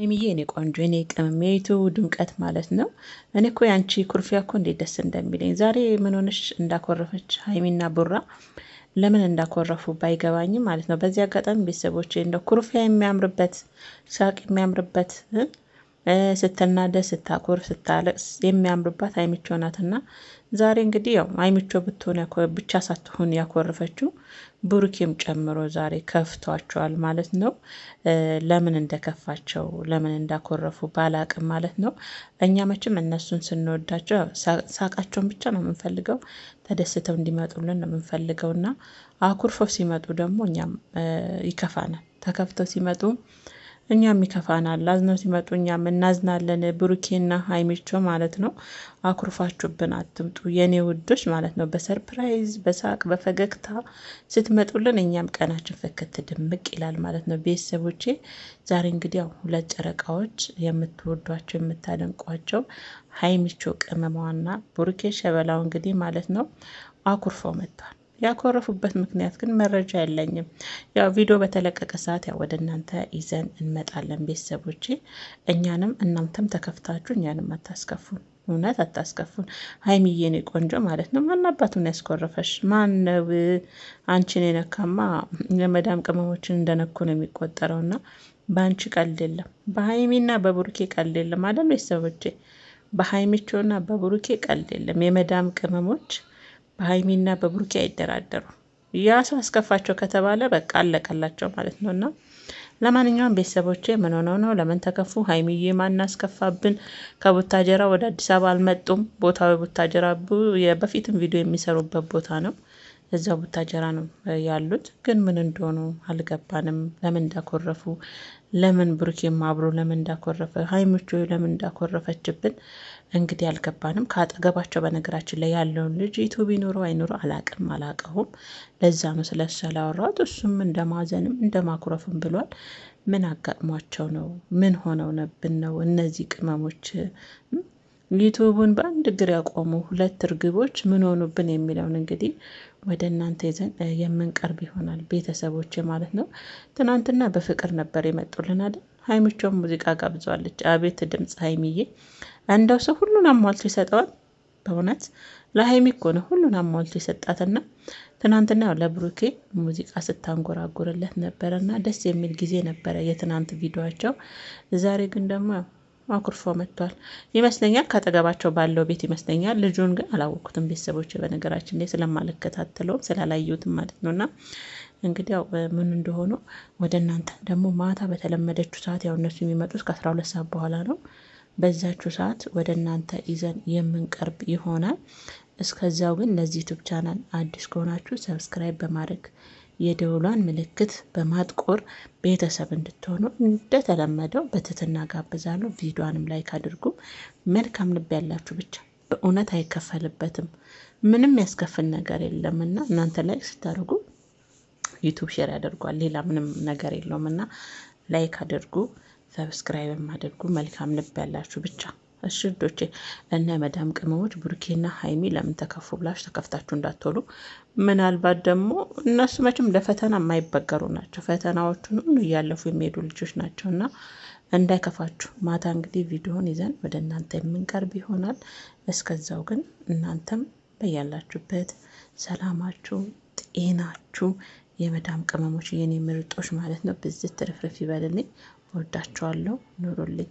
ሀይሚዬ እኔ ቆንጆ ኔ ቅመም ድምቀት ማለት ነው። እኔ እኮ ያንቺ ኩርፊያ እኮ እንዴት ደስ እንደሚለኝ ዛሬ ምን ሆነሽ እንዳኮረፈች ሀይሚና ቡራ ለምን እንዳኮረፉ ባይገባኝም ማለት ነው። በዚህ አጋጣሚ ቤተሰቦች እንደ ኩርፊያ የሚያምርበት ሳቅ የሚያምርበት ስትናደድ፣ ስታኮርፍ፣ ስታለቅስ የሚያምርባት ሀይሚቾ ናትና ዛሬ እንግዲህ ያው ሀይሚቾ ብትሆን ብቻ ሳትሆን ያኮረፈችው ብሩኬም ጨምሮ ዛሬ ከፍቷቸዋል ማለት ነው። ለምን እንደከፋቸው ለምን እንዳኮረፉ ባላቅም ማለት ነው። እኛ መቼም እነሱን ስንወዳቸው ሳቃቸውን ብቻ ነው የምንፈልገው፣ ተደስተው እንዲመጡልን ነው የምንፈልገው እና አኩርፈው ሲመጡ ደግሞ እኛም ይከፋናል። ተከፍተው ሲመጡ እኛም ይከፋናል። አዝነው ሲመጡ እኛም እናዝናለን። ብሩኬና ሀይሚቾ ማለት ነው። አኩርፋችሁብን አትምጡ የኔ ውዶች ማለት ነው። በሰርፕራይዝ በሳቅ በፈገግታ ስትመጡልን እኛም ቀናችን ፈከት ድምቅ ይላል ማለት ነው። ቤተሰቦቼ ዛሬ እንግዲህ ያው ሁለት ጨረቃዎች የምትወዷቸው የምታደንቋቸው ሀይሚቾ ቅመማዋና ብሩኬ ሸበላው እንግዲህ ማለት ነው አኩርፈው መጥቷል። ያኮረፉበት ምክንያት ግን መረጃ የለኝም። ያው ቪዲዮ በተለቀቀ ሰዓት ያው ወደ እናንተ ይዘን እንመጣለን። ቤተሰቦቼ እኛንም እናንተም ተከፍታችሁ እኛንም አታስከፉን፣ እውነት አታስከፉን። ሀይሚዬ ነው ቆንጆ ማለት ነው። ማን አባቱን ያስኮረፈሽ? ማን ነው አንቺን የነካማ? የመዳም ቅመሞችን እንደነኩ ነው የሚቆጠረውና በአንቺ ቀልድ የለም፣ በሀይሚና በብሩኬ ቀልድ የለም። አለ ቤተሰቦቼ በሀይሚቾና በብሩኬ ቀልድ የለም። የመዳም ቅመሞች በሀይሚና በብሩኬ አይደራደሩም። ያ ሰው አስከፋቸው ከተባለ በቃ አለቀላቸው ማለት ነው። እና ለማንኛውም ቤተሰቦቼ ምን ሆነው ነው? ለምን ተከፉ? ሀይሚዬ ማን አስከፋብን? ከቡታጀራ ወደ አዲስ አበባ አልመጡም። ቦታው የቡታጀራ በፊትም ቪዲዮ የሚሰሩበት ቦታ ነው። እዚያው ቡታጀራ ነው ያሉት። ግን ምን እንደሆኑ አልገባንም። ለምን እንዳኮረፉ ለምን ብሩኬም አብሮ ለምን እንዳኮረፈ ሀይሚቾ ለምን እንዳኮረፈችብን እንግዲህ አልገባንም። ከአጠገባቸው በነገራችን ላይ ያለውን ልጅ ኢትዮ ቢኖረው አይኖረ አላቅም አላቀሁም። ለዛ ነው ስለሱ እሱም እንደማዘንም እንደማኩረፍም ብሏል። ምን አጋጥሟቸው ነው? ምን ሆነው ነብን ነው እነዚህ ቅመሞች ዩቱቡን በአንድ እግር ያቆሙ ሁለት እርግቦች ምን ሆኑብን የሚለውን እንግዲህ ወደ እናንተ ይዘን የምንቀርብ ይሆናል ቤተሰቦች ማለት ነው። ትናንትና በፍቅር ነበር የመጡልን አይደል? ሀይሚቿም ሙዚቃ ጋብዟለች። አቤት ድምፅ ሀይሚዬ! እንደው ሰው ሁሉን አሟልቶ ይሰጠዋል። በእውነት ለሀይሚ እኮ ነው ሁሉን አሟልቶ የሰጣትና ትናንትና ለብሩኬ ሙዚቃ ስታንጎራጉርለት ነበረና ደስ የሚል ጊዜ ነበረ የትናንት ቪዲዮቸው። ዛሬ ግን ደግሞ አኩርፎ መጥቷል ይመስለኛል። ከአጠገባቸው ባለው ቤት ይመስለኛል። ልጁን ግን አላወቅኩትም። ቤተሰቦች በነገራችን ላይ ስለማልከታተለውም ስላላየሁትም ማለት ነው እና እንግዲህ ያው ምን እንደሆኑ ወደ እናንተ ደግሞ ማታ በተለመደችው ሰዓት ያው እነሱ የሚመጡት ከአስራ ሁለት ሰዓት በኋላ ነው። በዛችሁ ሰዓት ወደ እናንተ ይዘን የምንቀርብ ይሆናል። እስከዚያው ግን ለዚህ ዩቱብ ቻናል አዲስ ከሆናችሁ ሰብስክራይብ በማድረግ የደውሏን ምልክት በማጥቆር ቤተሰብ እንድትሆኑ እንደተለመደው በትህትና ጋብዛለሁ። ቪዲዮንም ላይክ አድርጉ። መልካም ልብ ያላችሁ ብቻ በእውነት አይከፈልበትም፣ ምንም ያስከፍል ነገር የለም እና እናንተ ላይክ ስታደርጉ ዩቱብ ሼር ያደርጓል። ሌላ ምንም ነገር የለውም እና ላይክ አድርጉ፣ ሰብስክራይብም አድርጉ። መልካም ልብ ያላችሁ ብቻ እሺ ውዶቼ እና የመዳም ቅመሞች ብሩኬና ሀይሚ ለምን ተከፉ ብላችሁ ተከፍታችሁ እንዳትሉ። ምናልባት ደግሞ እነሱ መቼም ለፈተና የማይበገሩ ናቸው። ፈተናዎቹን ሁሉ እያለፉ የሚሄዱ ልጆች ናቸው እና እንዳይከፋችሁ። ማታ እንግዲህ ቪዲዮን ይዘን ወደ እናንተ የምንቀርብ ይሆናል። እስከዛው ግን እናንተም በያላችሁበት ሰላማችሁ፣ ጤናችሁ የመዳም ቅመሞች የኔ ምርጦች ማለት ነው ብዝት ትርፍርፍ ይበልልኝ። ወዳችኋለሁ። ኑሩልኝ።